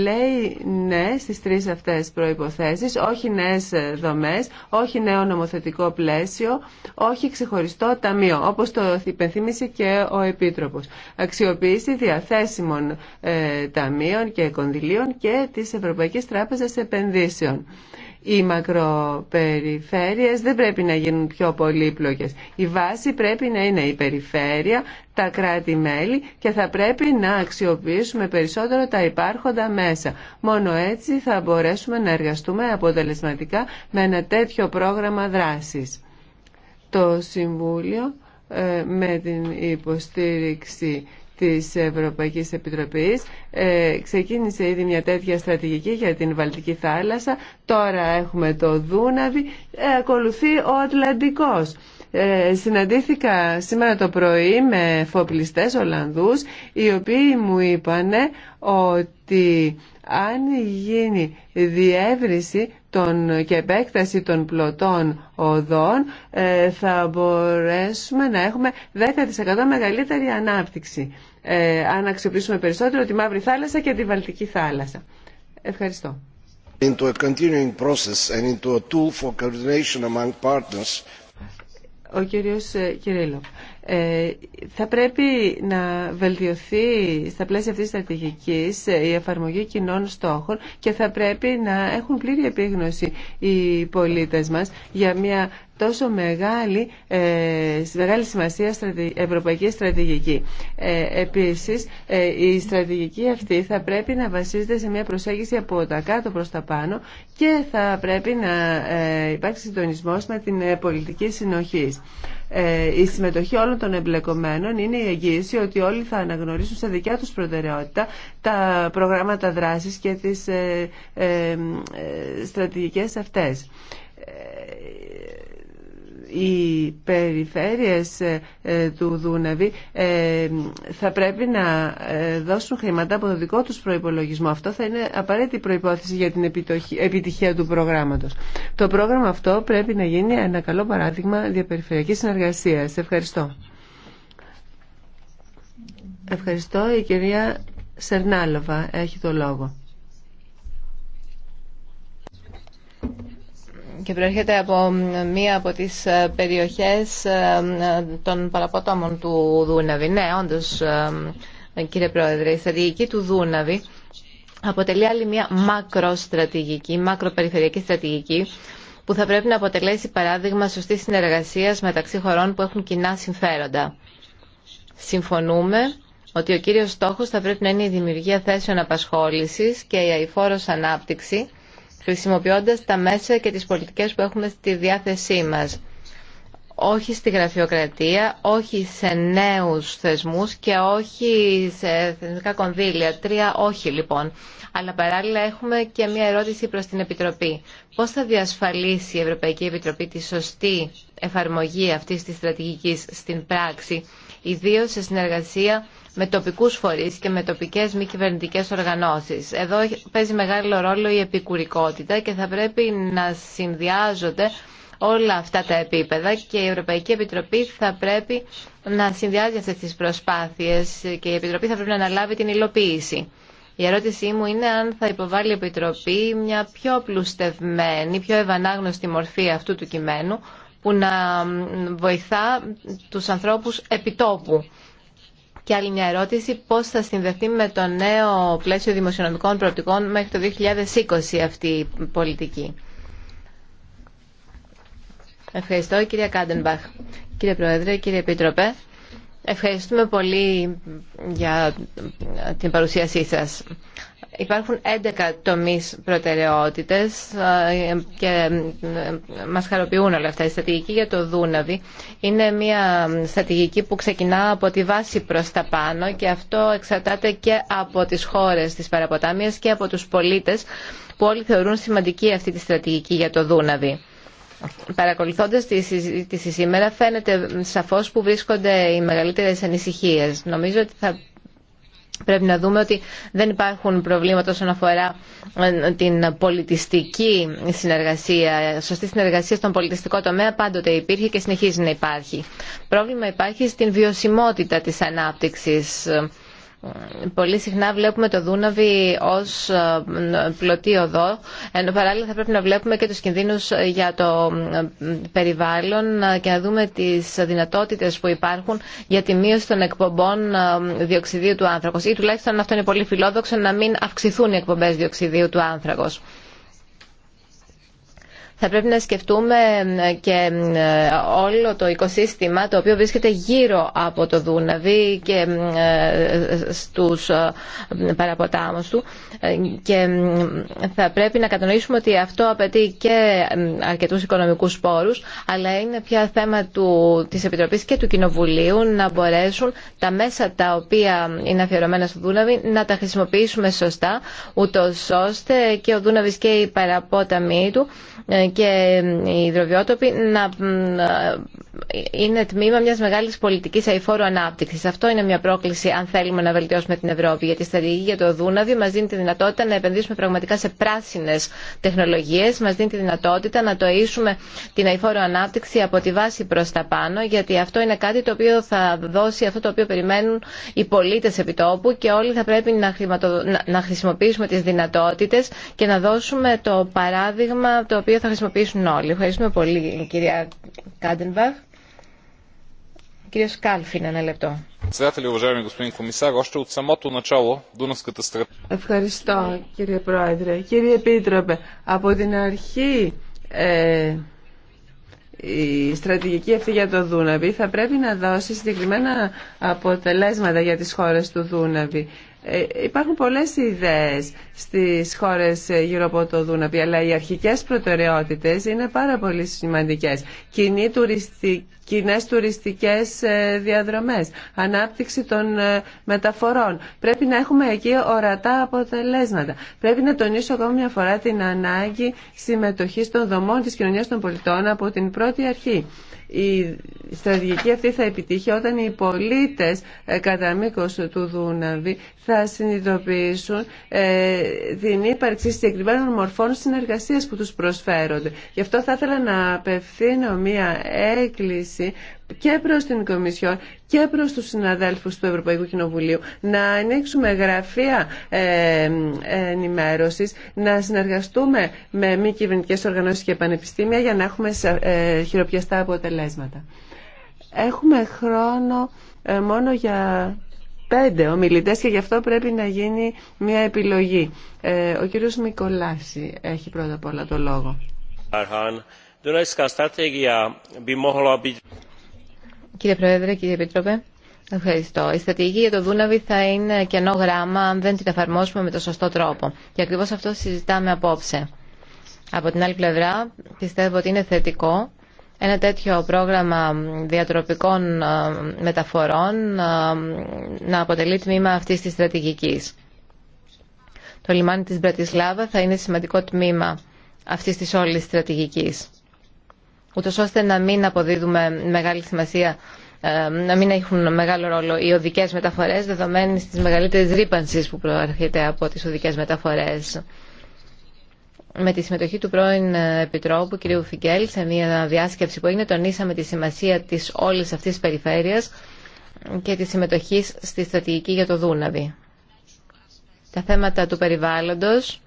λέει ναι στις τρεις αυτές προϋποθέσεις, όχι νέες δομές, όχι νέο νομοθετικό πλαίσιο, όχι ξεχωριστό ταμείο, όπως το υπενθύμησε και ο Επίτροπος. Αξιοποίηση διαθέσιμων ε, ταμείων και κονδυλίων και της Ευρωπαϊκής Τράπεζας Επενδύσεων οι μακροπεριφέρειες δεν πρέπει να γίνουν πιο πολύπλοκες. Η βάση πρέπει να είναι η περιφέρεια, τα κράτη-μέλη και θα πρέπει να αξιοποιήσουμε περισσότερο τα υπάρχοντα μέσα. Μόνο έτσι θα μπορέσουμε να εργαστούμε αποτελεσματικά με ένα τέτοιο πρόγραμμα δράσης. Το Συμβούλιο ε, με την υποστήριξη της Ευρωπαϊκής Επιτροπής. Ε, ξεκίνησε ήδη μια τέτοια στρατηγική για την Βαλτική θάλασσα. Τώρα έχουμε το Δούναβι. Ε, ακολουθεί ο Ατλαντικός. Ε, συναντήθηκα σήμερα το πρωί με φοπλιστές Ολλανδούς οι οποίοι μου είπαν ότι αν γίνει διεύρυνση των, και επέκταση των πλωτών οδών ε, θα μπορέσουμε να έχουμε 10% μεγαλύτερη ανάπτυξη ε, αν αξιοποιήσουμε περισσότερο τη Μαύρη Θάλασσα και τη Βαλτική Θάλασσα. Ευχαριστώ. Into a continuing process and into a tool for coordination among partners. Ο κύριος ε, Κυρίλο, ε, θα πρέπει να βελτιωθεί στα πλαίσια αυτής της στρατηγικής ε, η εφαρμογή κοινών στόχων και θα πρέπει να έχουν πλήρη επίγνωση οι πολίτες μας για μια τόσο μεγάλη, ε, μεγάλη σημασία ευρωπαϊκή στρατηγική. Ε, επίσης, ε, η στρατηγική αυτή θα πρέπει να βασίζεται σε μια προσέγγιση από τα κάτω προς τα πάνω και θα πρέπει να υπάρξει συντονισμός με την πολιτική συνοχής. Η συμμετοχή όλων των εμπλεκομένων είναι η εγγύηση ότι όλοι θα αναγνωρίσουν σε δικιά τους προτεραιότητα τα προγράμματα δράσης και τις στρατηγικές αυτές οι περιφέρειες ε, ε, του Δούναβη ε, θα πρέπει να δώσουν χρήματα από το δικό τους προϋπολογισμό. Αυτό θα είναι απαραίτητη προϋπόθεση για την επιτυχία του προγράμματος. Το πρόγραμμα αυτό πρέπει να γίνει ένα καλό παράδειγμα διαπεριφερειακής συνεργασίας. Ευχαριστώ. Ευχαριστώ. Η κυρία Σερνάλοβα έχει το λόγο. και προέρχεται από μία από τις ε, περιοχές ε, ε, των παραπόταμων του Δούναβη. Ναι, όντως, κύριε Πρόεδρε, η στρατηγική του Δούναβη αποτελεί άλλη μία μακροστρατηγική, μακροπεριφερειακή στρατηγική που θα πρέπει να αποτελέσει παράδειγμα σωστή συνεργασίας μεταξύ χωρών που έχουν κοινά συμφέροντα. Συμφωνούμε ότι ο κύριος στόχος θα πρέπει να είναι η δημιουργία θέσεων απασχόλησης και η αηφόρος ανάπτυξη χρησιμοποιώντας τα μέσα και τις πολιτικές που έχουμε στη διάθεσή μας. Όχι στη γραφειοκρατία, όχι σε νέους θεσμούς και όχι σε θεσμικά κονδύλια. Τρία όχι λοιπόν. Αλλά παράλληλα έχουμε και μια ερώτηση προς την Επιτροπή. Πώς θα διασφαλίσει η Ευρωπαϊκή Επιτροπή τη σωστή εφαρμογή αυτής της στρατηγικής στην πράξη Ιδίω σε συνεργασία με τοπικούς φορείς και με τοπικές μη κυβερνητικές οργανώσεις. Εδώ παίζει μεγάλο ρόλο η επικουρικότητα και θα πρέπει να συνδυάζονται όλα αυτά τα επίπεδα και η Ευρωπαϊκή Επιτροπή θα πρέπει να συνδυάζει αυτές τις προσπάθειες και η Επιτροπή θα πρέπει να αναλάβει την υλοποίηση. Η ερώτησή μου είναι αν θα υποβάλει η Επιτροπή μια πιο πλουστευμένη, πιο ευανάγνωστη μορφή αυτού του κειμένου που να βοηθά τους ανθρώπους επιτόπου. Και άλλη μια ερώτηση, πώς θα συνδεθεί με το νέο πλαίσιο δημοσιονομικών προοπτικών μέχρι το 2020 αυτή η πολιτική. Ευχαριστώ κυρία Κάντενμπαχ. Κύριε Πρόεδρε, κύριε Επίτροπε, ευχαριστούμε πολύ για την παρουσίασή σας. Υπάρχουν 11 τομείς προτεραιότητες ε, και ε, μας χαροποιούν όλα αυτά. Η στρατηγική για το Δούναβι είναι μια στρατηγική που ξεκινά από τη βάση προς τα πάνω και αυτό εξαρτάται και από τις χώρες της παραποτάμιας και από τους πολίτες που όλοι θεωρούν σημαντική αυτή τη στρατηγική για το Δούναβι. Παρακολουθώντας τη συζήτηση σήμερα φαίνεται σαφώς που βρίσκονται οι μεγαλύτερες ανησυχίες. Νομίζω ότι θα Πρέπει να δούμε ότι δεν υπάρχουν προβλήματα όσον αφορά ε, την πολιτιστική συνεργασία. Σωστή συνεργασία στον πολιτιστικό τομέα πάντοτε υπήρχε και συνεχίζει να υπάρχει. Πρόβλημα υπάρχει στην βιωσιμότητα της ανάπτυξης. Πολύ συχνά βλέπουμε το Δούναβι ως ε, πλωτή οδό, ενώ παράλληλα θα πρέπει να βλέπουμε και τους κινδύνους για το ε, περιβάλλον και να δούμε τις δυνατότητες που υπάρχουν για τη μείωση των εκπομπών ε, διοξιδίου του άνθρακος ή τουλάχιστον αυτό είναι πολύ φιλόδοξο να μην αυξηθούν οι εκπομπές διοξιδίου του άνθρακος. Θα πρέπει να σκεφτούμε ε, και ε, όλο το οικοσύστημα το οποίο βρίσκεται γύρω από το Δούναβι και ε, στους παραποτάμους του και θα πρέπει να κατανοήσουμε ότι αυτό απαιτεί και αρκετούς οικονομικούς πόρους αλλά είναι πια θέμα του, της Επιτροπής και του Κοινοβουλίου να μπορέσουν τα μέσα τα οποία είναι αφιερωμένα στο Δούναβι να τα χρησιμοποιήσουμε σωστά ούτως ώστε και ο Δούναβης και οι παραπόταμοι του ε, και οι υδροβιότοποι να είναι τμήμα μια μεγάλη πολιτική αηφόρου ανάπτυξη. Αυτό είναι μια πρόκληση αν θέλουμε να βελτιώσουμε την Ευρώπη. Γιατί η στρατηγική για το Δούναβι μας δίνει τη δυνατότητα να επενδύσουμε πραγματικά σε πράσινε τεχνολογίε, μα δίνει τη δυνατότητα να τοίσουμε την αηφόρου ανάπτυξη από τη βάση προ τα πάνω. Γιατί αυτό είναι κάτι το οποίο θα δώσει αυτό το οποίο περιμένουν οι πολίτες επιτόπου και όλοι θα πρέπει να, χρηματο... να χρησιμοποιήσουμε τι δυνατότητε και να δώσουμε το παράδειγμα το οποίο θα χρησιμοποιήσουν όλοι. Ευχαριστούμε πολύ κυρία Κάντενβαχ. Κύριε Σκάλφιν, ένα λεπτό. Ευχαριστώ κύριε Πρόεδρε. Κύριε Επίτροπε, από την αρχή ε, η στρατηγική αυτή για το Δούναβι θα πρέπει να δώσει συγκεκριμένα αποτελέσματα για τις χώρες του Δούναβι. Ε, υπάρχουν πολλές ιδέες στις χώρες ε, γύρω από το Δούναβι, αλλά οι αρχικές προτεραιότητες είναι πάρα πολύ σημαντικές. Κοινή τουριστική κοινέ τουριστικέ ε, διαδρομέ, ανάπτυξη των ε, μεταφορών. Πρέπει να έχουμε εκεί ορατά αποτελέσματα. Πρέπει να τονίσω ακόμη μια φορά την ανάγκη συμμετοχή των δομών τη Κοινωνία των πολιτών από την πρώτη αρχή. Η στρατηγική αυτή θα επιτύχει όταν οι πολίτε ε, κατά μήκο του Δούναβη θα συνειδητοποιήσουν την ύπαρξη συγκεκριμένων μορφών συνεργασία που του προσφέρονται. Γι' αυτό θα ήθελα να απευθύνω μία έκκληση και προς την Κομισιόν και προς τους συναδέλφους του Ευρωπαϊκού Κοινοβουλίου να ανοίξουμε γραφεία ε, ενημέρωσης, να συνεργαστούμε με μη κυβερνητικέ οργανώσεις και πανεπιστήμια για να έχουμε ε, χειροπιαστά αποτελέσματα. Έχουμε χρόνο ε, μόνο για πέντε ομιλητές και γι' αυτό πρέπει να γίνει μια επιλογή. ο κύριος Μικολάση έχει πρώτα απ' όλα το λόγο by mohla byť... Κύριε Πρόεδρε, κύριε Επίτροπε, Ευχαριστώ. Η στρατηγική για το Δούναβι θα είναι κενό γράμμα αν δεν την εφαρμόσουμε με το σωστό τρόπο. Και ακριβώ αυτό συζητάμε απόψε. Από την άλλη πλευρά, πιστεύω ότι είναι θετικό ένα τέτοιο πρόγραμμα διατροπικών ε, μεταφορών ε, να αποτελεί τμήμα αυτή τη στρατηγική. Το λιμάνι τη Μπρατισλάβα θα είναι σημαντικό τμήμα αυτή τη όλη στρατηγική ούτως ώστε να μην αποδίδουμε μεγάλη σημασία ε, να μην έχουν μεγάλο ρόλο οι οδικέ μεταφορέ, δεδομένη τη μεγαλύτερη ρήπανση που προαρχείται από τι οδικέ μεταφορέ. Με τη συμμετοχή του πρώην ε, Επιτρόπου κ. Φιγκέλ σε μια διάσκεψη που έγινε, τονίσαμε τη σημασία τη όλη αυτή τη περιφέρεια και τη συμμετοχή στη στρατηγική για το Δούναβι. Τα θέματα του περιβάλλοντος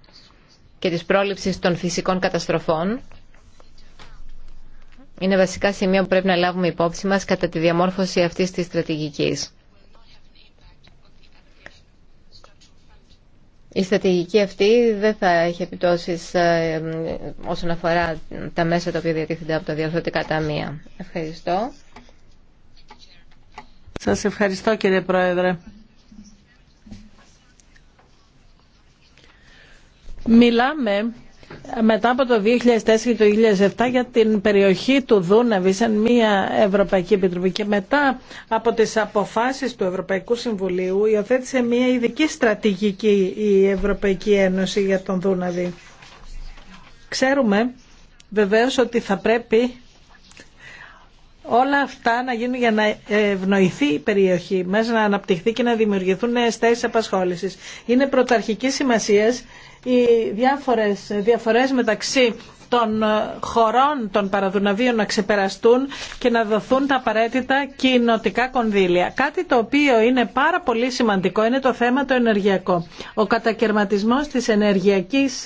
και της πρόληψης των φυσικών καταστροφών είναι βασικά σημεία που πρέπει να λάβουμε υπόψη μας κατά τη διαμόρφωση αυτής της στρατηγικής. Η στρατηγική αυτή δεν θα έχει επιπτώσεις ε, όσον αφορά τα μέσα τα οποία διατίθενται από τα διορθωτικά ταμεία. Ευχαριστώ. Σας ευχαριστώ κύριε Πρόεδρε. Μιλάμε μετά από το 2004 και το 2007 για την περιοχή του Δούναβη σαν μια Ευρωπαϊκή Επιτροπή και μετά από τις αποφάσεις του Ευρωπαϊκού Συμβουλίου υιοθέτησε μια ειδική στρατηγική η Ευρωπαϊκή Ένωση για τον Δούναβη. Ξέρουμε βεβαίως ότι θα πρέπει όλα αυτά να γίνουν για να ευνοηθεί η περιοχή μέσα να αναπτυχθεί και να δημιουργηθούν νέες θέσεις απασχόλησης. Είναι πρωταρχική σημασίας οι διάφορες διαφορές μεταξύ των χωρών των παραδουναβίων να ξεπεραστούν και να δοθούν τα απαραίτητα κοινοτικά κονδύλια. Κάτι το οποίο είναι πάρα πολύ σημαντικό είναι το θέμα το ενεργειακό. Ο κατακαιρματισμός της ενεργειακής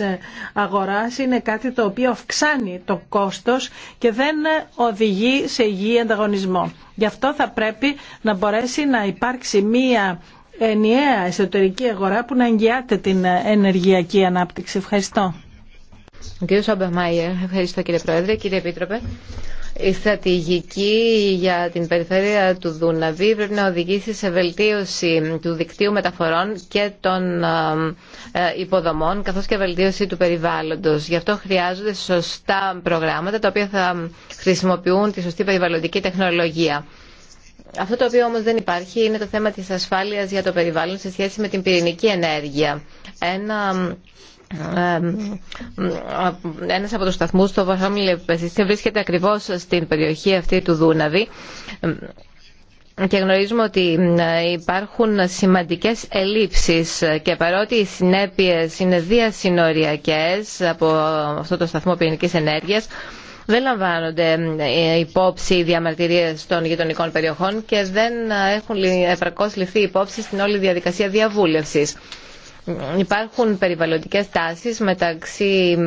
αγοράς είναι κάτι το οποίο αυξάνει το κόστος και δεν οδηγεί σε υγιή ανταγωνισμό. Γι' αυτό θα πρέπει να μπορέσει να υπάρξει μία ενιαία εσωτερική αγορά που να εγγυάται την ενεργειακή ανάπτυξη. Ευχαριστώ. Κύριε Σαμπεμάιερ, ευχαριστώ κύριε Πρόεδρε, κύριε Επίτροπε. Η στρατηγική για την περιφέρεια του Δούναβη πρέπει να οδηγήσει σε βελτίωση του δικτύου μεταφορών και των ε, ε, υποδομών καθώς και βελτίωση του περιβάλλοντος. Γι' αυτό χρειάζονται σωστά προγράμματα τα οποία θα χρησιμοποιούν τη σωστή περιβαλλοντική τεχνολογία. Αυτό το οποίο όμως δεν υπάρχει είναι το θέμα της ασφάλειας για το περιβάλλον σε σχέση με την πυρηνική ενέργεια. Ένα ένας από τους σταθμούς στο Βασόμιλε Πεσίστη βρίσκεται ακριβώς στην περιοχή αυτή του Δούναβη και γνωρίζουμε ότι υπάρχουν σημαντικές ελλείψεις και παρότι οι συνέπειες είναι διασυνοριακές από αυτό το σταθμό πυρηνικής ενέργειας δεν λαμβάνονται ε, υπόψη οι διαμαρτυρίε των γειτονικών περιοχών και δεν ε, έχουν επαρκώ ληφθεί υπόψη στην όλη διαδικασία διαβούλευση. Υπάρχουν περιβαλλοντικές τάσεις μεταξύ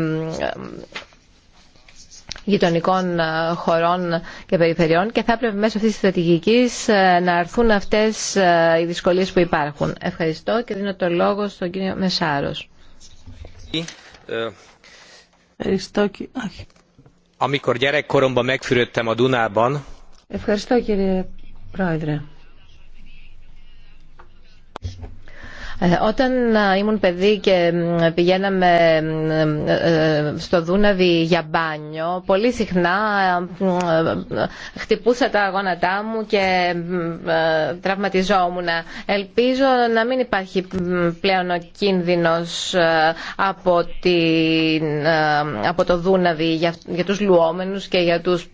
γειτονικών ε, χωρών και περιφερειών και θα έπρεπε μέσω αυτής της στρατηγικής να αρθούν αυτές οι δυσκολίες που υπάρχουν. Ευχαριστώ και δίνω το λόγο στον κύριο Μεσάρος. Ευχαριστώ. Amikor gyerekkoromban megfürödtem a Dunában. Ευχαριστώ κύριε Πρόεδρε. Ε, όταν ε, ήμουν παιδί και πηγαίναμε ε, στο Δούναβι για μπάνιο, πολύ συχνά χτυπούσα τα γόνατά μου και τραυματιζόμουν. Ελπίζω να μην υπάρχει πλέον ο κίνδυνος από, το Δούναβι για, για τους λουόμενους και για τους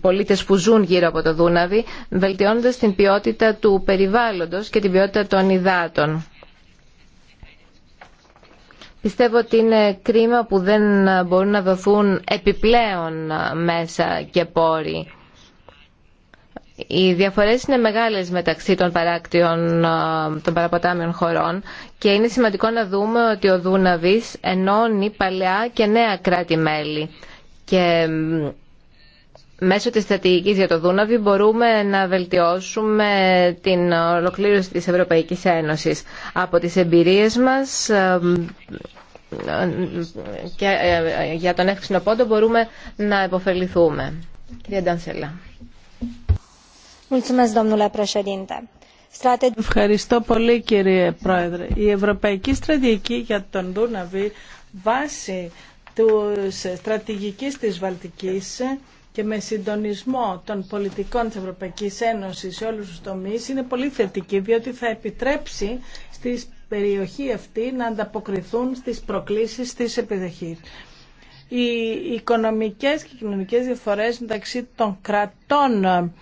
πολίτες που ζουν γύρω από το Δούναβι, βελτιώνοντας την ποιότητα του περιβάλλοντος και την ποιότητα των υδάτων. Πιστεύω ότι είναι κρίμα που δεν μπορούν να δοθούν επιπλέον μέσα και πόροι. Οι διαφορές είναι μεγάλες μεταξύ των παράκτιων των παραποτάμιων χωρών και είναι σημαντικό να δούμε ότι ο Δούναβης ενώνει παλαιά και νέα κράτη-μέλη. Και Μέσω της στρατηγικής για το Δούναβι μπορούμε να βελτιώσουμε την ολοκλήρωση της Ευρωπαϊκής Ένωσης. Από τις εμπειρίες μας και ε, για τον έξινο πόντο μπορούμε να επωφεληθούμε. Κυρία Ντανσέλα. Ευχαριστώ πολύ κύριε Πρόεδρε. Η Ευρωπαϊκή Στρατηγική για τον Δούναβη βάσει της ε, στρατηγικής της Βαλτικής και με συντονισμό των πολιτικών της Ευρωπαϊκής Ένωσης σε όλους τους τομείς είναι πολύ θετική διότι θα επιτρέψει στη περιοχή αυτή να ανταποκριθούν στις προκλήσεις της επιδοχής. Οι οικονομικές και κοινωνικές διαφορές μεταξύ των κρατών ε,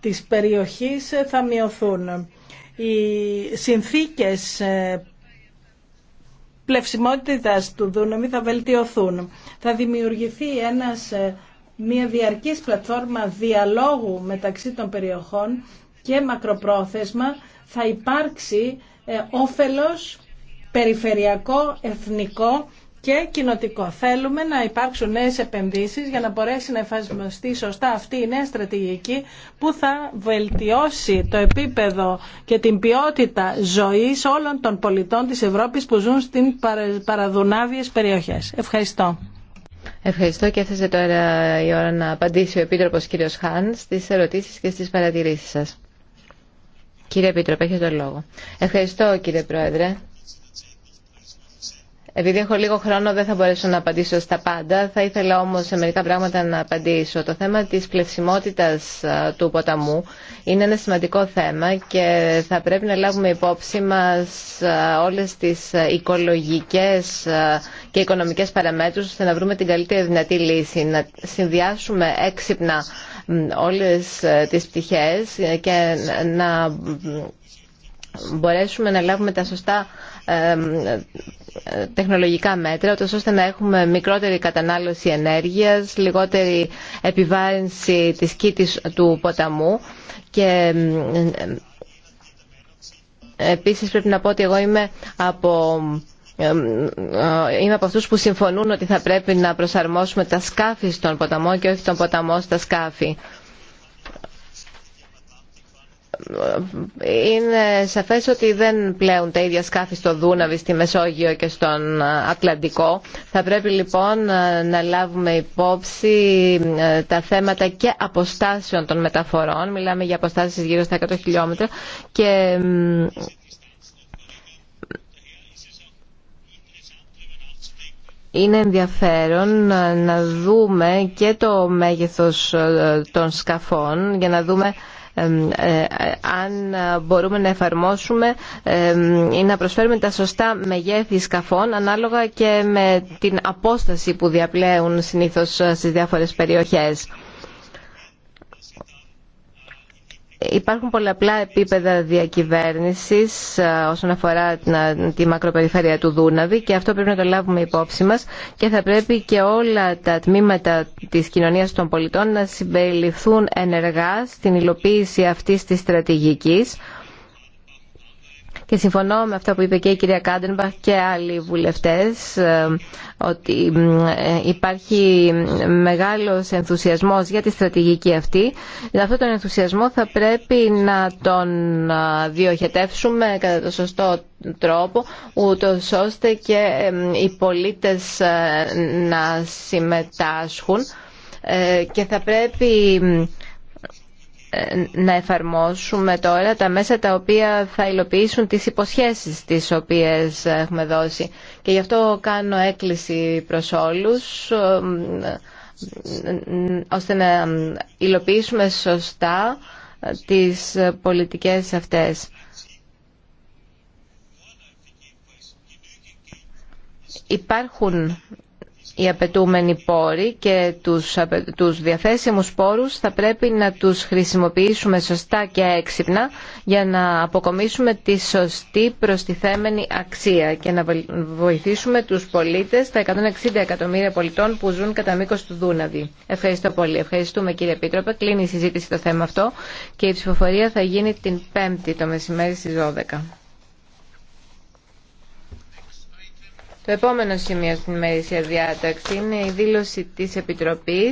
της περιοχής θα μειωθούν. Οι συνθήκες ε, πλευσιμότητας του δούνομι θα βελτιωθούν. Θα δημιουργηθεί ένας, ε, μια διαρκής πλατφόρμα διαλόγου μεταξύ των περιοχών και μακροπρόθεσμα θα υπάρξει ε, όφελος περιφερειακό, εθνικό και κοινοτικό. Θέλουμε να υπάρξουν νέε επενδύσει για να μπορέσει να εφαρμοστεί σωστά αυτή η νέα στρατηγική που θα βελτιώσει το επίπεδο και την ποιότητα ζωή όλων των πολιτών τη Ευρώπη που ζουν στι παραδουνάβιε περιοχέ. Ευχαριστώ. Ευχαριστώ και έφτασε τώρα η ώρα να απαντήσει ο Επίτροπος κ. Χάν στις ερωτήσεις και στις παρατηρήσεις σας. Κύριε Επίτροπε, έχετε τον λόγο. Ευχαριστώ κύριε Πρόεδρε. Επειδή έχω λίγο χρόνο δεν θα μπορέσω να απαντήσω στα πάντα, θα ήθελα όμως σε μερικά πράγματα να απαντήσω. Το θέμα της πλευσιμότητας ε, του ποταμού είναι ένα σημαντικό θέμα και θα πρέπει να λάβουμε υπόψη μας ε, όλες τις ε, οικολογικές και οικονομικές παραμέτρους ώστε να βρούμε την καλύτερη δυνατή λύση, να συνδυάσουμε έξυπνα όλες τις πτυχές και να μπορέσουμε να λάβουμε τα σωστά τεχνολογικά μέτρα, ώστε να έχουμε μικρότερη κατανάλωση ενέργειας, λιγότερη επιβάρυνση της κήτης του ποταμού και επίσης πρέπει να πω ότι εγώ είμαι από ε, είμαι από αυτούς που συμφωνούν ότι θα πρέπει να προσαρμόσουμε τα σκάφη στον ποταμό και όχι τον ποταμό στα σκάφη είναι σαφές ότι δεν πλέουν τα ίδια σκάφη στο Δούναβι, στη Μεσόγειο και στον Ατλαντικό. Θα πρέπει λοιπόν ε, να λάβουμε υπόψη ε, τα θέματα και αποστάσεων των μεταφορών. Μιλάμε για αποστάσεις γύρω στα 100 χιλιόμετρα και είναι ενδιαφέρον ε, να δούμε και το μέγεθος των σκαφών για να δούμε ε, αν μπορούμε να εφαρμόσουμε ή να προσφέρουμε τα σωστά μεγέθη σκαφών ανάλογα και με την απόσταση που διαπλέουν συνήθως στις διάφορες περιοχές. Υπάρχουν πολλαπλά επίπεδα διακυβέρνησης ε, όσον αφορά ε, τη μακροπεριφέρεια του Δούναβη και αυτό πρέπει να το λάβουμε υπόψη μας και θα πρέπει και όλα τα τμήματα της κοινωνίας των πολιτών να συμπεριληφθούν ενεργά στην υλοποίηση αυτής της στρατηγικής και συμφωνώ με αυτά που είπε και η κυρία Κάντενμπαχ και άλλοι βουλευτές ε, ότι ε, υπάρχει μεγάλος ενθουσιασμός για τη στρατηγική αυτή. Αυτόν τον ενθουσιασμό θα πρέπει να τον ε, διοχετεύσουμε κατά το σωστό τρόπο ούτω ώστε και οι πολίτες να συμμετάσχουν και θα πρέπει να εφαρμόσουμε τώρα τα μέσα τα οποία θα υλοποιήσουν τις υποσχέσεις τις οποίες έχουμε δώσει. Και γι' αυτό κάνω έκκληση προς όλους ώστε να υλοποιήσουμε σωστά τις πολιτικές αυτές. Υπάρχουν οι απαιτούμενοι πόροι και τους, τους διαθέσιμους πόρους θα πρέπει να τους χρησιμοποιήσουμε σωστά και έξυπνα για να αποκομίσουμε τη σωστή προστιθέμενη αξία και να βοηθήσουμε τους πολίτες, τα 160 εκατομμύρια πολιτών που ζουν κατά μήκος του Δούναβη. Ευχαριστώ πολύ. Ευχαριστούμε κύριε Πίτροπε. Κλείνει η συζήτηση το θέμα αυτό και η ψηφοφορία θα γίνει την 5η το μεσημέρι στις 12. Το επόμενο σημείο στην ημερήσια διάταξη είναι η δήλωση της Επιτροπής